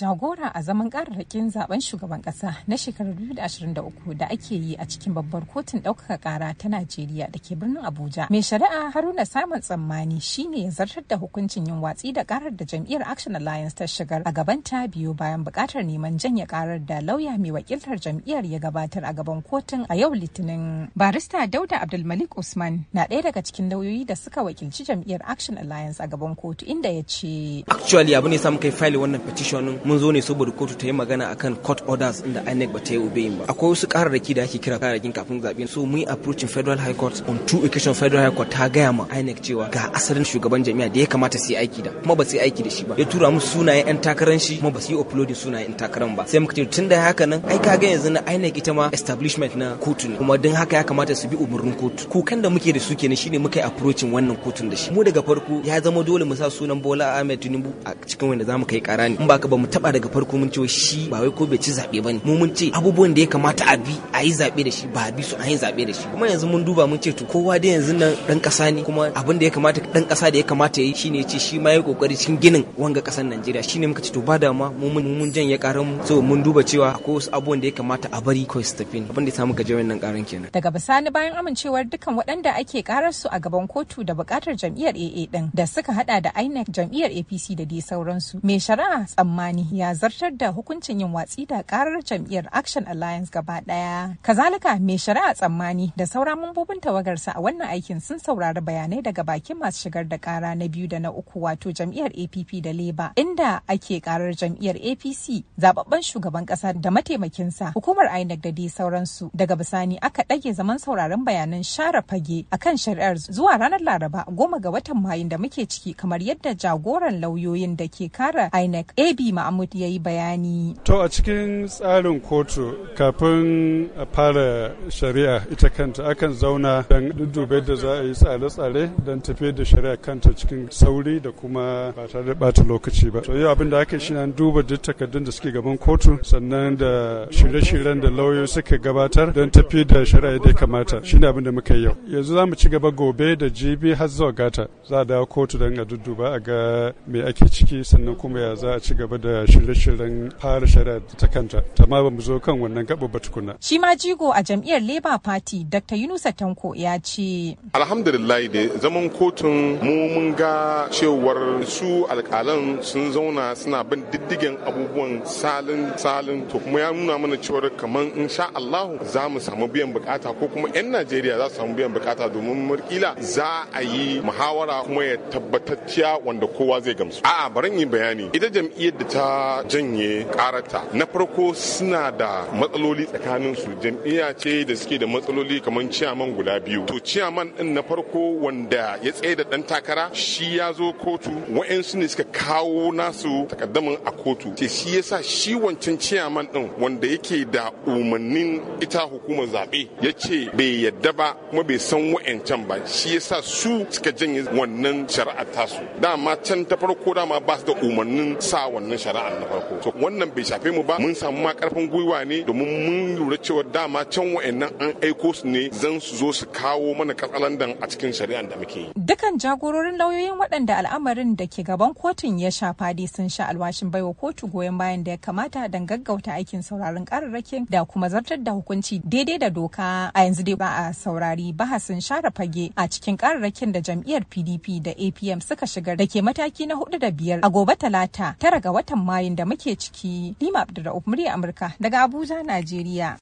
jagora a zaman kararrakin zaben shugaban kasa na shekarar 2023 da ake yi a cikin babbar kotun ɗaukaka kara ta najeriya da ke birnin abuja mai shari'a haruna samun tsammani shine ya zartar da hukuncin yin watsi da karar da jam'iyyar action alliance ta shigar a gaban ta biyu bayan buƙatar neman janye karar da lauya mai wakiltar jam'iyyar ya gabatar a gaban kotun a yau litinin barista dauda abdulmalik usman na ɗaya daga cikin lauyoyi da suka wakilci jam'iyyar action alliance a gaban kotu inda ya ce actually abu ne mu kai file wannan petition mun zo ne saboda kotu ta yi magana akan court orders inda INEC ba ta yi obeying ba akwai wasu kararraki da ake kira kararrakin kafin zaɓe so mun approaching federal high court on two occasions federal high court ta gaya ma INEC cewa ga asalin shugaban jami'a da ya kamata su yi aiki da kuma ba su yi aiki da shi ba ya tura mu sunayen yan takaran shi kuma ba su yi uploading sunayen yan takaran ba sai muka ce tun da haka nan ai ga yanzu na INEC ita ma establishment na kotu ne kuma don haka ya kamata su bi umurnin kotu kukan da muke da su kenan shine muka yi approaching wannan kotun da shi mu daga farko ya zama dole mu sa sunan Bola Ahmed Tinubu a cikin wanda zamu kai kara ne in ba ka ba mu taba daga farko mun ce shi ba wai ko bai ci zabe bane mu mun ce abubuwan da ya kamata a bi a yi zabe da shi ba a bi su an yi zabe da shi kuma yanzu mun duba mun ce to kowa da yanzu nan dan kasa ne kuma abin da ya kamata dan kasa da ya kamata yi shine ce shi ma ya kokari cikin ginin wanga kasar Najeriya shine muka ce to ba da ma mu mun mun janye karan mu so mun duba cewa akwai wasu abubuwan da ya kamata a bari ko su tafi abin da ya samu gajeren nan karan kenan daga bisani bayan amincewar dukkan waɗanda ake karar su a gaban kotu da bukatar jam'iyyar AA din da suka hada da INEC jam'iyyar APC da dai sauransu mai shari'a tsammani ya zartar da hukuncin yin watsi da karar jam'iyyar Action Alliance gaba daya. Kazalika mai shari'a tsammani da sauran mambobin tawagarsa a wannan aikin sun saurari bayanai daga bakin masu shigar da kara na biyu da na uku wato jam'iyyar APP da leba inda ake karar jam'iyyar APC zaɓaɓɓen shugaban kasa da mataimakinsa hukumar INEC da dai su. daga bisani aka ɗage zaman sauraron bayanan share fage akan shari'ar zuwa ranar Laraba goma ga watan Mayun da muke ciki kamar yadda jagoran lauyoyin da ke kara INEC AB Ma'amu mahmud ya yi bayani to a cikin tsarin kotu kafin a fara shari'a ita kanta akan zauna don dudube da za a yi tsare-tsare don tafiyar da shari'a kanta cikin sauri da kuma ba tare da bata lokaci ba to yau abin da aka shi an duba duk takardun da suke gaban kotu sannan da shirye-shiryen da lauyoyi suka gabatar don tafiyar da shari'a ya kamata shine abin da muka yi yau yanzu za mu ci gaba gobe da jibi har zuwa gata za a dawo kotu don a dudduba a ga me ake ciki sannan kuma ya za a ci gaba da shirye-shiryen fara shari'a ta kanta ta ma ba mu zo kan wannan gaba ba tukuna. Shi ma jigo a jam'iyyar Labour Party Dr. Yunusa Tanko ya ce. Alhamdulillah da zaman kotun mu mun ga cewar su alƙalan sun zauna suna bin diddigin abubuwan salin salin to kuma ya nuna mana cewar kamar insha Allahu za mu samu biyan bukata ko kuma 'yan Najeriya za su samu biyan bukata domin murkila za a yi muhawara kuma ya tabbatacciya wanda kowa zai gamsu. A'a barin yi bayani ita jam'iyyar da ta ta janye karata na farko suna da matsaloli tsakanin su jam'iyya ce da suke da matsaloli kamar ciyaman guda biyu to ciyaman din na farko wanda ya tsaye da dan takara shi ya zo kotu wayansu ne suka kawo nasu takaddamin a kotu ce shi yasa shi wancan ciyaman din wanda yake da umarnin ita hukumar zaɓe ya ce bai yadda ba kuma bai san wa'ancan ba shi yasa su suka janye wannan shari'a tasu dama can ta farko dama ba su da umarnin sa wannan shari'a na farko so wannan bai shafe mu ba mun samu ma karfin gwiwa ne domin mun lura cewa dama can wa'annan an aiko su ne zan su zo su kawo mana katsalandan a cikin shari'an da muke yi dukan jagororin lauyoyin waɗanda al'amarin da ke gaban kotun ya shafa dai sun sha alwashin baiwa kotu goyon bayan da ya kamata dan gaggauta aikin sauraron kararrakin da kuma zartar da hukunci daidai da doka a yanzu dai ba a saurari bahasin share fage a cikin kararrakin da jam'iyyar pdp da apm suka shigar da ke mataki na hudu da biyar a gobe talata tara ga watan mayin da muke ciki. Lima Abdulra'uf murya Amurka daga Abuja, Najeriya.